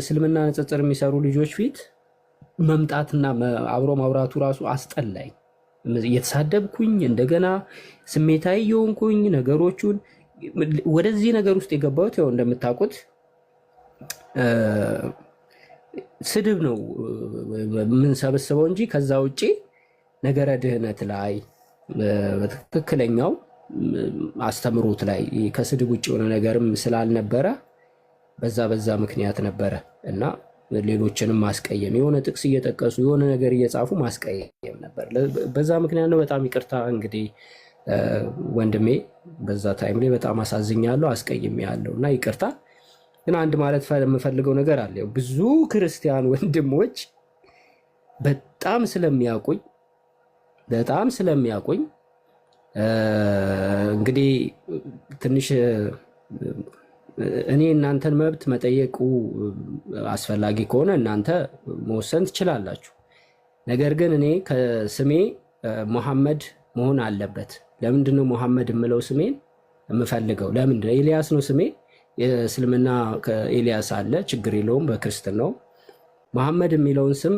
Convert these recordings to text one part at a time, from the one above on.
እስልምና ንጽጽር የሚሰሩ ልጆች ፊት መምጣትና አብሮ ማውራቱ ራሱ አስጠላኝ። እየተሳደብኩኝ እንደገና ስሜታዊ የሆንኩኝ ነገሮቹን ወደዚህ ነገር ውስጥ የገባሁት ያው እንደምታውቁት ስድብ ነው የምንሰበስበው እንጂ ከዛ ውጭ ነገረ ድህነት ላይ በትክክለኛው አስተምሮት ላይ ከስድብ ውጭ የሆነ ነገርም ስላልነበረ በዛ በዛ ምክንያት ነበረ እና ሌሎችንም ማስቀየም የሆነ ጥቅስ እየጠቀሱ የሆነ ነገር እየጻፉ ማስቀየም ነበር። በዛ ምክንያት ነው። በጣም ይቅርታ እንግዲህ ወንድሜ፣ በዛ ታይም ላይ በጣም አሳዝኛለሁ፣ አስቀይሜያለሁ እና ይቅርታ። ግን አንድ ማለት የምፈልገው ነገር አለ። ብዙ ክርስቲያን ወንድሞች በጣም ስለሚያውቁኝ በጣም ስለሚያውቁኝ እንግዲህ ትንሽ እኔ እናንተን መብት መጠየቁ አስፈላጊ ከሆነ እናንተ መወሰን ትችላላችሁ። ነገር ግን እኔ ከስሜ መሐመድ መሆን አለበት። ለምንድነው ነው መሐመድ የምለው? ስሜን የምፈልገው ለምንድ ነው? ኤልያስ ነው ስሜ። የእስልምና ኤልያስ አለ፣ ችግር የለውም። ነው መሐመድ የሚለውን ስም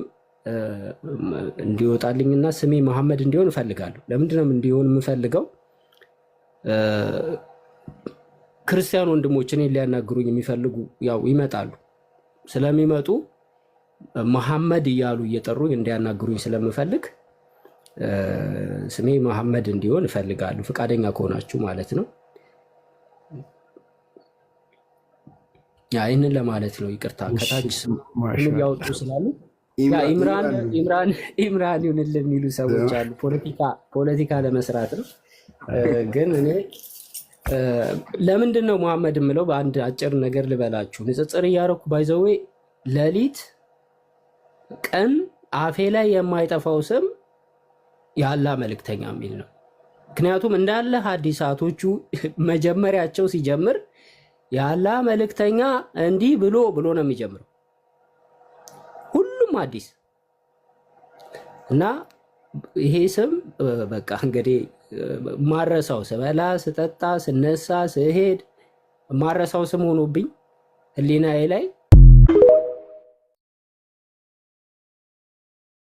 እንዲወጣልኝና ስሜ መሐመድ እንዲሆን እፈልጋለሁ። ለምንድነው እንዲሆን የምፈልገው? ክርስቲያን ወንድሞች እኔን ሊያናግሩኝ የሚፈልጉ ያው ይመጣሉ። ስለሚመጡ መሐመድ እያሉ እየጠሩኝ እንዲያናግሩኝ ስለምፈልግ ስሜ መሐመድ እንዲሆን እፈልጋለሁ፣ ፈቃደኛ ከሆናችሁ ማለት ነው። ይህንን ለማለት ነው። ይቅርታ ከታች ያወጡ ስላሉ ኢምራን ይሁንልን የሚሉ ሰዎች አሉ። ፖለቲካ ለመስራት ነው ግን እኔ ለምንድን ነው መሐመድ የምለው በአንድ አጭር ነገር ልበላችሁ። ንጽጽር እያረኩ ባይዘዌ ሌሊት ቀን አፌ ላይ የማይጠፋው ስም የአላ መልእክተኛ የሚል ነው። ምክንያቱም እንዳለ ሀዲሳቶቹ መጀመሪያቸው ሲጀምር የአላ መልእክተኛ እንዲህ ብሎ ብሎ ነው የሚጀምረው ሁሉም ሀዲስ እና ይሄ ስም በቃ እንግዲህ ማረሳው ስበላ፣ ስጠጣ፣ ስነሳ፣ ስሄድ ማረሳው ስም ሆኖብኝ ህሊናዬ ላይ